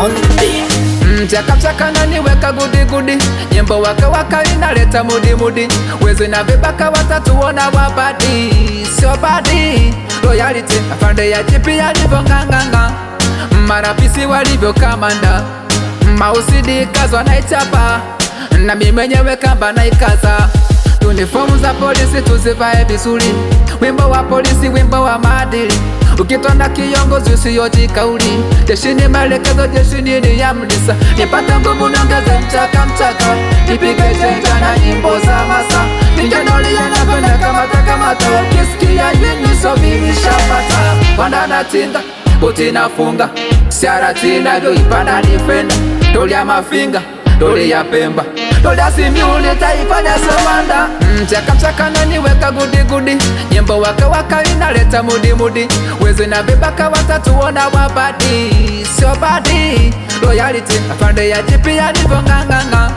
on mm, the beat Mchaka mchaka nani weka gudi gudi, Nyembo waka waka inaleta mudi mudi, wezi na vibaka wona wabadi, sio badi Loyalite afande ya jipi nganganga marapisi kamanda mausidi kazwa naichapa, na mimi mwenyewe kamba naikaza, uniformu za polisi tuzivae vizuri, wimbo wa polisi, wimbo wa madili Ukitona kiongozi usiyoji kauli, jeshini maelekezo, jeshi ni ni amrisa. Nipate nguvu niongeze mchaka mchaka, nipige jenja na nyimbo za masa, nijanoliya napenda kamata kamata, ukisikia so mimi shapata. Panda na tinda buti na inafunga siara tinavyoipanda ni fenda doli ya mafinga doli ya Pemba doli ya Simiyu nitaifanya sawanda mchaka mm, mchaka naniweka gudigudi nyimbo wake waka inaleta mudimudi uwezo na vibaka watatu wona wabadi sio badi loyalty afande ya jipi yalivyong'ang'ana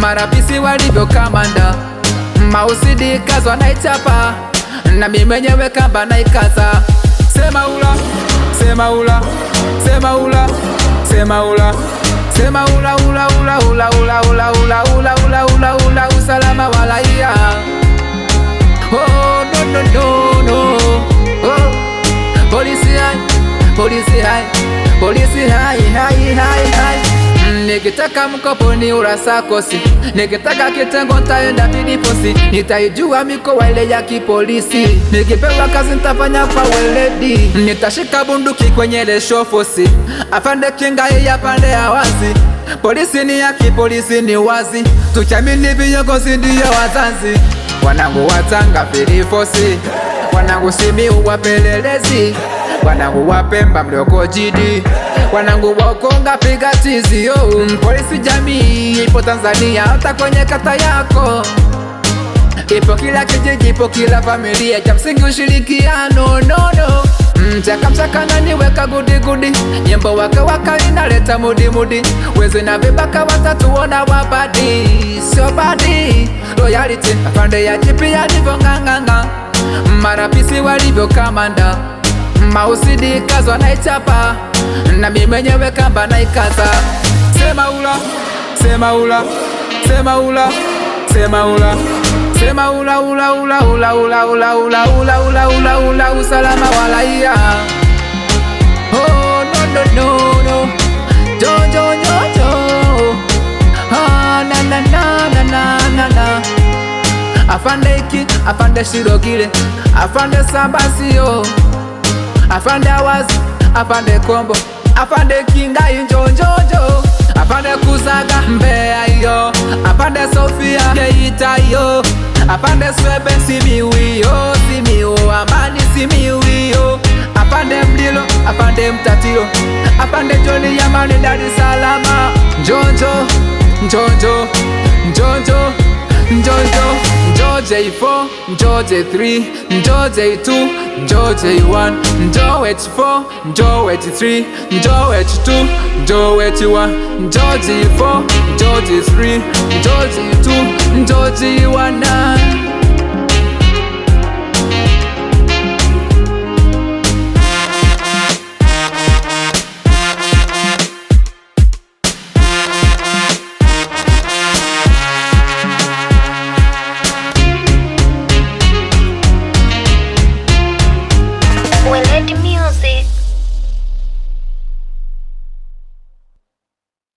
marapisi walivyokamanda mausidi kazwa naichapa na mimi mwenyewe kamba naikaza sema ula sema ula sema ula sema ula sema ula ula ula ula ula ula ula Polisi hai, polisi hai, hai, hai, hai. Mm, nikitaka mkopo ni urasa kosi, nikitaka kitengo nitaenda pidiposi, nitaijua mikoa ile ya kipolisi. Nikipewa kazi ntafanya kwa weledi, nitashika bunduki kwenye leshofosi, afande kinga iya pande ya wazi. Polisi ni ya kipolisi, ni wazi, tuchamini viongozi ndiyo wazazi. Wanangu watanga pilifosi, wanangu simi uwapelelezi Wanangu wa Pemba mlioko jidi, wanangu wa Ukonga piga tizio. Polisi jamii ipo Tanzania, hata kwenye kata yako ipo, kila kijiji ipo, kila familia, cha msingi ushirikiano no. Mchaka mm, mchaka gudi gudigudi, nyimbo waka waka inaleta mudimudi, wezi na vibaka watatu wona wabadi, sio badi loyalty afande ya jipi yalivyo ng'ang'anga, marapisi walivyo kamanda Mausidi kazwa naichapa na mimi mwenyewe kamba naikaza. Sema ula, sema ula, sema ula, sema ula, sema ula ula ula ula ula ula ula ula ula ula ula usalama wa raia. Oh no no no no. Jo jo jo jo. Ah na na na na na na na. Afande iki, afande shirogire, afande sabasio afande awazi afande kombo afande kinga injonjojo afande kusaga mbeya iyo afande sofia geita iyo afande swebe simiwiyo simiu amani simiwiyo afande mdilo afande mtatio afande joni yamani dar salama njonjo njonjo njonjo njonjo Mjo J4, Mjo J3, Mjo J2, Mjo J1, Mjo H4, Mjo H3, Mjo H2, Mjo H1, Mjo J4, Mjo J3, Mjo J2, Mjo J1